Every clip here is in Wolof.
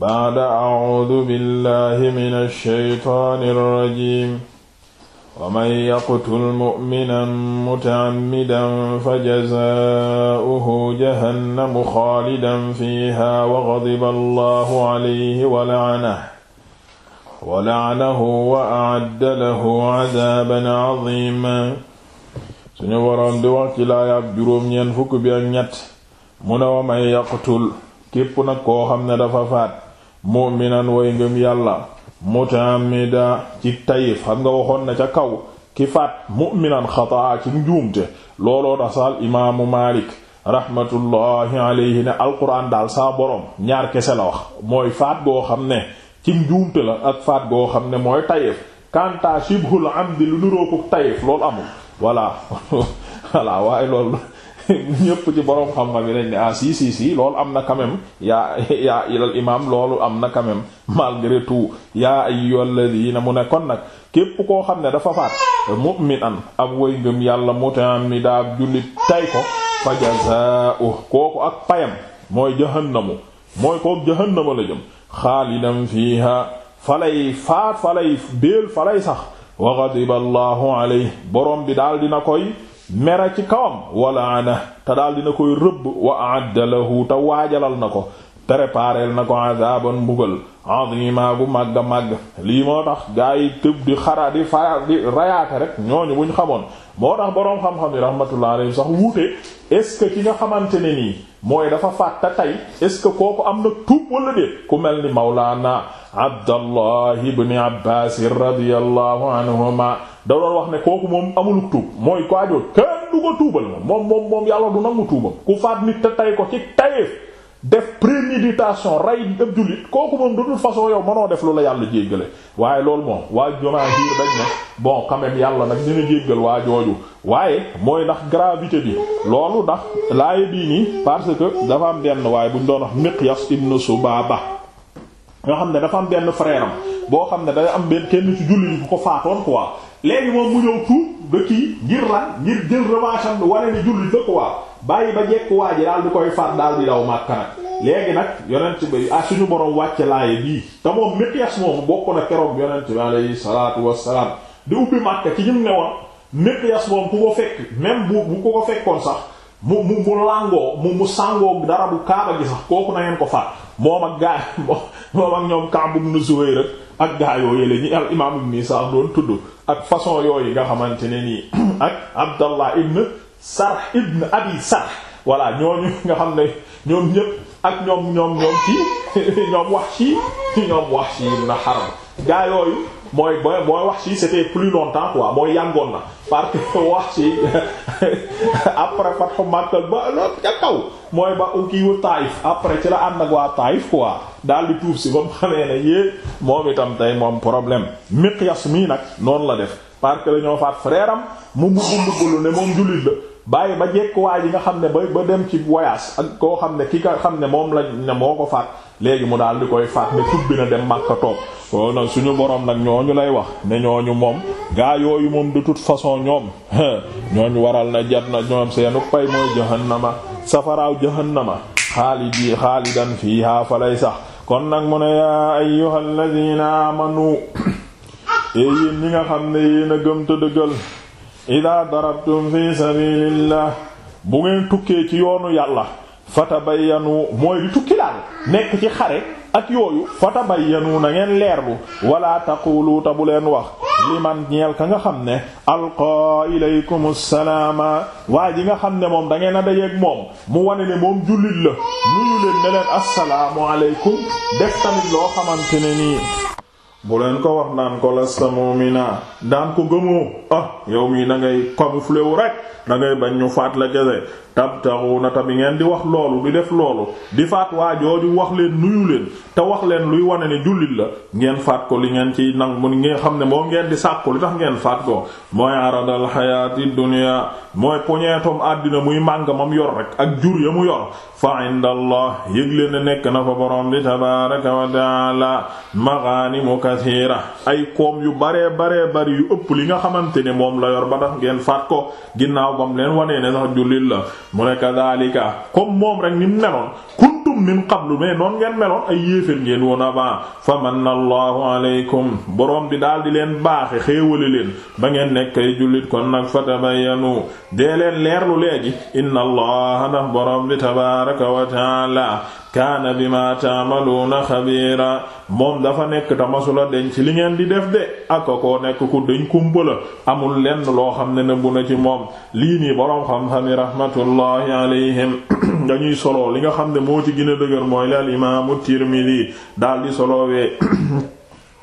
baada acuudu billahi min alsheytaani alrajim waman yaqtul muminan mutacammidan fajazaa'uhu jahannamu xaalidan fiiha wagadiba allahu calayhi walacanahu walacanahu wa acadda lahu cadaaban caziima suñu waroon di wax ci laayaab juróom-ñeent fukk bi ak ñett mu ne waman yaqtul képp nag koo xam ne dafa faat mu'minan way ngëm yàlla mutaamida ci tayif xam nga waxoon na ca kaw ki faat mu'minan xataa ci njuumte looloo tax saal imaamu Maalik rahmatullahi alayhi ne alquran daal saa borom ñaar kese la wax mooy faat goo xam ne ci njuumte la ak faat goo xam ne mooy tayif kanta shibhul amdi lu niroo ko tayif loolu amul voilà voilà waaye ñëpp ci borom xam-xam yi dañ ne ah si si si loolu am na quand même yaa yaa ilal imaam loolu am na quand même malgré tout yaa ayyuhal mu ne kon nag képp koo xam ne dafa faat mu'minan ab way ngëm yàlla mutaamida ab jullit tay ko fa jazaa'u kooku ak payam mooy jahannamu mooy kooku jahannama la jëm xaalidan fiiha falay faat falay béel falay sax wa ghadiba allahu borom bi daal dina koy mera ci kawam wala ana te daal na koy rëbb wa adda lahu te waajalal na ko te réparel na ko azaban mbugal azima gu màgg a màgg lii moo tax gaa yi tëb di xara di rayaate rek ñooñu buñ xamoon moo tax boroom xam-xam yi rahmatullah alayhi sax wuute est-ce nga xamante ne nii mooy dafa faat tey est-ce que kooku am na tuub wala déet ku mel ni mawlaana abdallah ibni abbas radiyallahu anhuma da doon wax ne kooku moom amul tuub mooy ko ajoot kenn du ko tuubal moom moom moom moom yàlla du nangu tuubam ku faat nit te tay ko ci tayeef def préméditation rey ab jullit kooku moom de toute façon yow mënoo def lu la yàlla jéggale waaye loolu moom waa jomaahiir dañ ne bon quand même yàlla nag dina jéggal waa jooju waaye mooy ndax gravité bi loolu ndax laaya bii nii parce que dafa am benn waaye bu ñu doon wax Miqyas ibn Subaba nga xam ne dafa am benn frère am boo xam ne day am benn kenn ci jullit bu ko faatoon quoi léegi moom mu ñëw tuub da kii ngir lan ngir jël revanche am wane ni jullit la quoi bàyyi ba jekk waa ji daal di koy faat daal di daw Makka nag léegi nag yonent bi ah suñu borom wàcce laaye bii te moom Miqyas moomu bokk na keroog yonent bi alayhi salaatu wassalaam di ubbi Makka ci ñim ne woon Miqyas moom ku ko fekk même bu bu ko fekkoon sax mu mu mu mu mu sangoo dara bu kaaba gi sax kooku na ngeen ko faat moom ak gaay moom ak ñoom Kaab ibn Zuhayr rek ak gaa yooyu la ñi al imaam ibn Isaaq doon tudd ak façon yooyu nga xamante ne nii ak Abdallah ibn Sarh ibn Abi Sarh voilà ñooñu nga xam ne ñoom ñépp ak ñoom ñoom ñoom kii ñoom Wahshi ñoom Wahshi ibn Harb gaa yooyu mooy booy booy Wahshi c'était plus longtemps quoi mooy yàngoon na parce que Wahshi après Fathu Makka ba loolu ca kaw mooy ba u kiiwu Taïf après ci la ànd ak waa Taïf quoi daal di tuub si ba mu xamee ne yée moom itam tey moom problème Miqyas mii nag noonu la def parce lañoo faat frère mu mbuggu mbuggu ne moom jullit la bàyyi ba jekk waa ji nga xam ne ba dem ci voyage ak koo xam ne ki nga xam ne moom lañ ne moo ko faat léegi mu daal di koy faat ne tubbi na dem Makka toog kon suñu boroom nag ñoo ñu lay wax ne ñu moom gaa yooyu moom di toute façon ñoom ñooñu waral na jat na ñoom seenu pay mooy jahannama safaraaw jahannama xaalidi xaalidan fiiha falay sax kon nag mu ne yaa ayyuhal ladina amanu e yéen ñi nga xam ne yéen a gëm te dëggal ida darabtum fi sabilillah bu ngeen tukkee ci yoonu yàlla fatabayyanu mooy di tukki daal nekk ci xare ak yooyu fatabayyanu na ngeen leerlu wala taqulu ta bu leen wax man ñeel ka nga xam ne alqa ilaykum salaama waaye ji nga xam ne moom da ngeen a dajeeg moom mu wane ne moom jullit la nuyu leen ne leen assalaamu alaykum def tamit loo xamante ne nii bu leen ko wax naan ko lasta mu'mina daan ko gëmoo ah yow mii da ngay camouflé wu rek da ngay bañ ñu faat la gese tabtaxuna na bi ngeen di wax loolu di def loolu di faat waa jooju wax leen nuyu leen te wax leen luy wane ne jullit la ngeen faat ko li ngeen ciy nang mu ngeen xam ne moo ngeen di sàkku li tax ngeen faat ko mooy aradal xayaati dunya mooy poñeetom àddina muy màngamam yor rek ak jur ya mu yor fa indallah yëg ne nekk na fa borom di tabaraka kathira ay koom yu baree baree bari yu ëpp li nga xamante ne moom la yor ba tax ngeen faat ko ginnaaw bam leen wanee ne sax jullit la mu ne kadhalika comme moom rek ni meloon kuntum min qablu mais noon ngeen meloon ay yéeféer ngeen woon avant fa manna allahu alaykum boroom bi daal di leen baaxe xéewale leen ba ngeen nekk ay jullit kon nag fatabayyanu dee leen leerlu léegi inna allaha ndax boroom bi tabaraka wa taala kaana bima taamaluuna xabiira moom dafa nekk tamasula deñ ci li ngeen di def de ak koo nekk ku deñ kumpa amul lenn loo xam ne ne bu na ci moom lii nii boroom xam-xami rahmatullahi alayhim ñuy solo li nga xam ne moo ci gën a dëgër mooy li al imaamu Tirmidi daal di solowee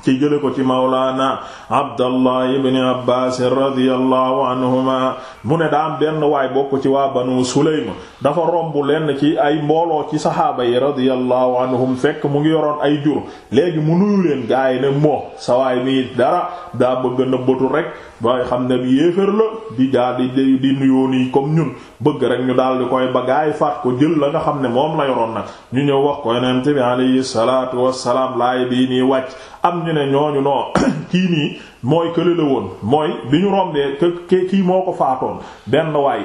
ci jële ko ci mawlaana abdallah ibni abbas radiyallahu anhuma mu ne daa benn waay bokk ci waa banu sulaym dafa romb lenn ci ay mbooloo ci saxaaba yi radiyallahu anhum fekk mu ngi yoroon ay jur léegi mu nuyu leen gaa yi ne moo sa waay mi dara daa bëgg nëbbatu rek waaye xam ne bi yéefér la di jaar di di nuyoo nii comme ñun bëgg rek ñu daal di koy ba gaa yi faat ko jël la nga xam ne moom la yoroon nag ñu ñëw wax ko yonent bi alayhi salaatu wassalaam laay bii nii wàcc ne ñooñu non kii nii mooy kële woon mooy bi ñu rombee ki moo ko faatoon benn waay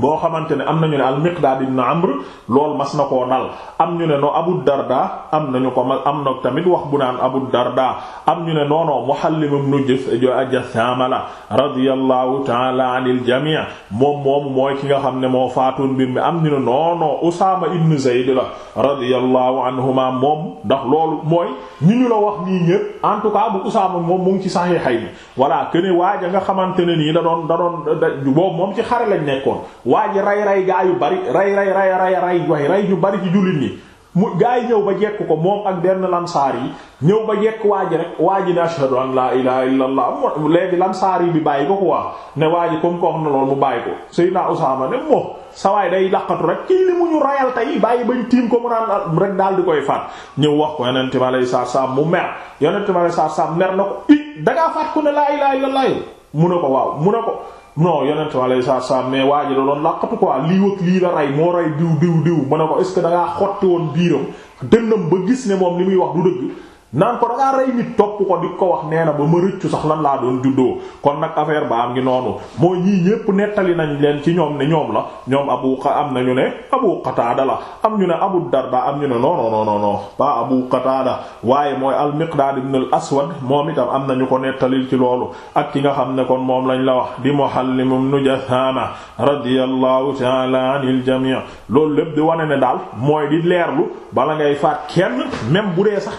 boo xamante ne am nañu ne al Miqdaad ibn Amr lool mas na koo dal am ñu ne no Abu Darda am nañu ko ma am na tamit wax bu naan Abu Darda am ñu ne noono Muhallim ibn Jasaama la radiyallahu ta'ala anil jamii moom moomu mooy ki nga xam ne moo faatoon mbir mi am ñu ne noono Usaama ibn Zayd la radiyallahu anhuma moom ndax loolu mooy ñu ñu la wax nii ñépp en tout cas bu Usaama moom mu ngi ci saxiixay yi voilà que ne waaja nga xamante ne nii da doon da doon boobu moom ci xare lañ nekkoon waa ji ray ray gaa yu bari ray ray ray ray ray way ray ñu bari ci jullit ñi mu gaa yi ñëw ba jekk ko moom ak benn lansaar yi ñëw ba jekk waa ji rek waa ji ne ashhadu an laa ilaha illa allah léegi lansaar bi bàyyi ko quoi waa ji comme ko na lool mu bàyyi ko Seydina Usaama ne moom sawaay day laqatu rek kii bàyyi bañ tiim ko mu naan rek daal di koy faat ñëw wax ko yonente mi aleyi mu mer yonente mi aleyi saatu salaam mer na ko i dangaa faat ku ne laa mu ne ko waaw mu ne ko non yonent ma lay saar mais waa ji da doon làqatu quoi lii wëg lii la rey moo rey diw diw diw mu ne ko est ce que dangaa xotti woon biiram dënnam ba gis ne moom li muy wax du dëgg naan ko dangaa rey nit topp ko di ko wax nee na ba ma rëccu sax lan laa doon juddoo kon nag affaire ba am ngi noonu mooy ñii ñépp nettali nañ leen ci ñoom ne ñoom la ñoom abu am nañu ne abu qataada la am ñu ne abu darda am ñu ne non non non non pas abu qataada waaye mooy al miqdaad ibn al aswad moom itam am na ñu ko nettali ci loolu ak ki nga xam ne kon moom lañ la wax di muhallim ibn jathama radiyallahu ta'ala anil jami' loolu lépp di wane ne daal mooy di leerlu bala ngay faat kenn même bu dee sax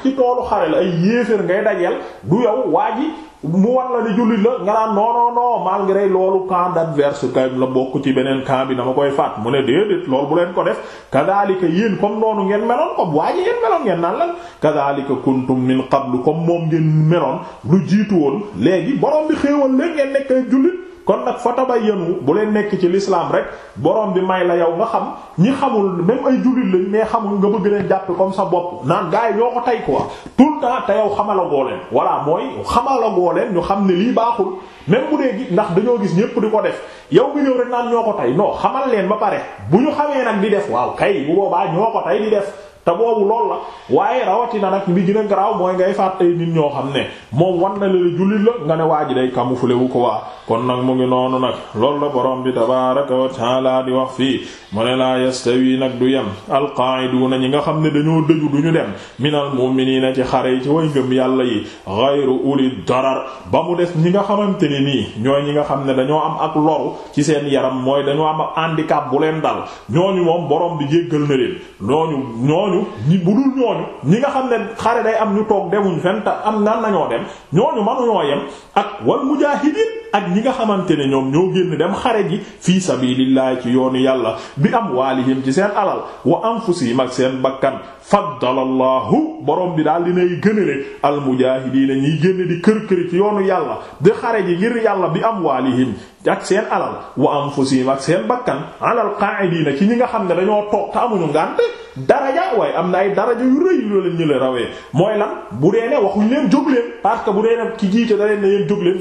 boole la ay yéeféer ngay dajeel du yow waa ji mu war la ni jullit la nga naan non non non malgré loolu camp adverse kay la bokk ci beneen camp bi dama koy faat mu ne déedéet loolu bu leen ko def kadhalika yéen comme noonu ngeen meloon comme waa ji ngeen meloon ngeen naan lan kadhalika kuntum min qablu comme moom ngeen meloon lu jiitu woon léegi borom bi xéewal leen ngeen nekk ay jullit kon nag fa tabayyanu bu leen nekk ci lislaam rek borom bi may la yow nga xam ñi xamul même ay jullit lañ mais xamul nga bëgg leen jàpp comme sa bopp naan gars ñoo ko tey ko tout le temps te yow xamala goo leen voilà mooy xamala goo leen ñu xam ne lii baaxul même bu dee gi ndax dañoo gis ñépp di ko def yow nga ñëw rek naan ñoo ko tey non xamal leen ba pare bu ñu xamee nag di def waaw kay bu boobaa ñoo ko tey di def te boobu lool la waaye rawatina nag li gën a garaaw mooy ngay faat ay nit ñoo xam ne moom wan na la jullit la nga ne waa ji day camouflé wu ko waa kon nag mu ngi noonu nag loolu la boroom bi tabaaraka wa taala di wax fii mu ne laa yastawi nag du yem alqaa'iduuna ñi nga xam ne dañoo dëju du ñu dem minal mu'miniina ci xare yi ci way ngëm yàlla yi ghayru uli darar ba mu des ñi nga xamante ne nii ñooy ñi nga xam ne dañoo am ak loru ci seen yaram mooy dañoo am ak bu leen dal ñooñu moom bi ñooñu ñi bu dul ñooñu ñi nga xam ne xare day am ñu toog demuñ fenn te am nan nañoo dem ñooñu mënuñoo yem ak wal mujaahidiin ak ñi nga xamante ne ñoom ñoo génn dem xare ji fii sabilillah ci yoonu yàlla bi amwaalihim ci seen alal wa anfusihim ak seen bakkan faddalallahu borom bi daal dinay gënale almujaahidiina ñiy génn di kër kër ci yoonu yàlla di xare ji ngir yàlla bi amwaalihim ak seen alal wa anfusihim ak seen bakkan alal qaa'idiina ci ñi nga xam ne dañoo toog te amuñu ngànt daraja waaye am na ay daraja yu rëy loo leen ñu rawee mooy lan bu dee ne waxuñ leen jóg leen que bu dee ne ki jiite da leen ne leen jóg leen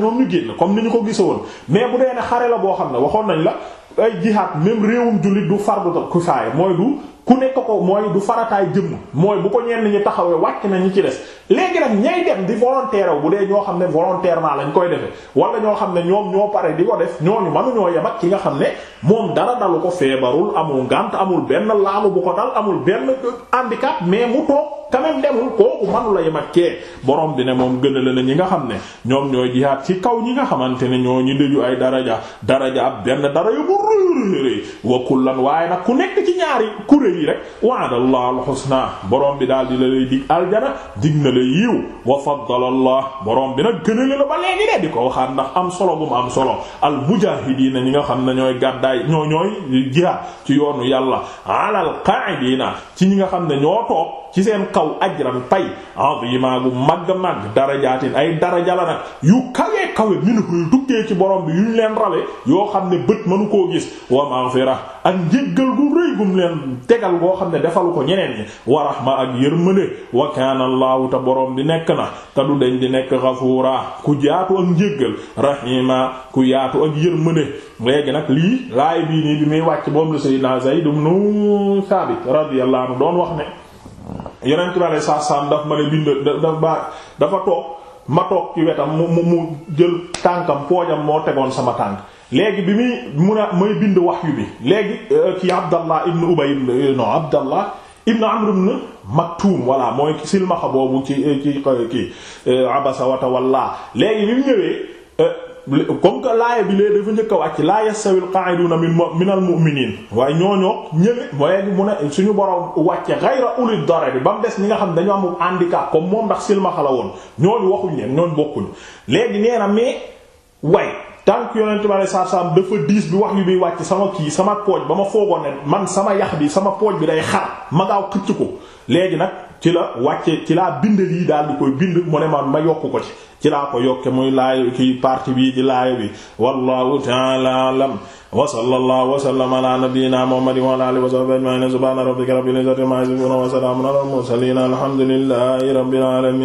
ñoom ñu génn comme ni ñu ko woon mais bu dee ne xare la boo xam ne waxoon nañ la ay jihaad même réewum jullit du fardu kifaaya mooy du ku nekk ko mooy du farataay jëmm mooy bu ko ñenn ñi taxawee wàcc na ñi ci des léegi nag ñay dem di volontaire bu dee ñoo xam ne volontairement lañ koy defee wala ñoo xam ne ñoom ñoo pare di ko def ñooñu mënuñoo yem ak ki nga xam ne moom dara dalu ko feebarul amul ngànt amul benn laalu bu ko dal amul benn handicap mais mu toog quand même demul kooku manu la yem ak kee borom bi ne moom gënale na ñi nga xam ne ñoom ñooy jihaat ci kaw ñi nga xamante ne ñoo ñu dëju ay daraja daraja dara yu bu rëy rëy wa kullan waaye nag ku nekk ci ñaari kuréel lii rek wa'adallahu al-husna borom bi daal di la lay dig aljana dig na la yiw wa faddalallah borom bi nag gënale la ba de di ko waxaat ndax am solo bu mu am solo al-mujaahidiina ñi nga xam ne ñooy gàddaay ñoo ñooy jihaad ci yoonu yàlla ala al ci ñi nga xam ne ñoo toog ci seen kaw ajran pay azima gu màgg màgg darajaatin ay daraja la nag yu kawee kawe minhu yu tukkee ci borom bi yu ñu leen rale yoo xam ne bët mënu koo gis wa maghfira ak njéggal gu rëy gum leen tegal goo xam ne defalu ko ñeneen ñi wa rahma ak yërmande wa kaana allahu te borom bi nekk na te du deñ di nekk ghafuura ku jaatu ak njéggal rahima ku yaatu ak yërmande léegi nag lii laay bii nii bi muy wàcc boom la sayyidina Zaid ibn Thabit anhu doon wax ne yonent bi aleyhi salaatu salaam daf ma ne bind dafa dafa toog ma toog ci wetam mu mu mu jël tànkam poojam moo tegoon sama tànk léegi bi muy mu a may bind wahyu bi léegi euh, kii Abdallah ibn Ubay euh, non Abdallah ibn Amr ibn Maktum voilà mooy silmaxa boobu ci ci kii euh, Abasa wa tawalla léegi bi mu ñëwee comme que laaya bi lee dafa njëkk a wàcc laa yastawil qa'iduna min minal mu'minin waaye ñooñoo ñële mooy mu ne suñu borom wàcce ghayra ulil bi ba mu des ñi nga xam dañoo am handicap comme moom ndax silmaxa la woon ñooñu waxuñ leen ñooñu bokkuñu léegi nee na mais way tànk yonent bi alayhi salaam dafa diis bi wax yu biy wàcc sama kii sama pooj ba ma foogoon ne man sama yax bi sama pooj bi day xar ma gaaw ko léegi nag ci la wàcce ci laa bind lii daal di koy bind mu ne ma ma yokk ko ci ci laa ko yokke muy laayo ki partie bii di laayo bi wallahu ta'ala alam wa sallallahu wa sallama ala nabiyyina muhammadin alhamdulillahi rabbil alamin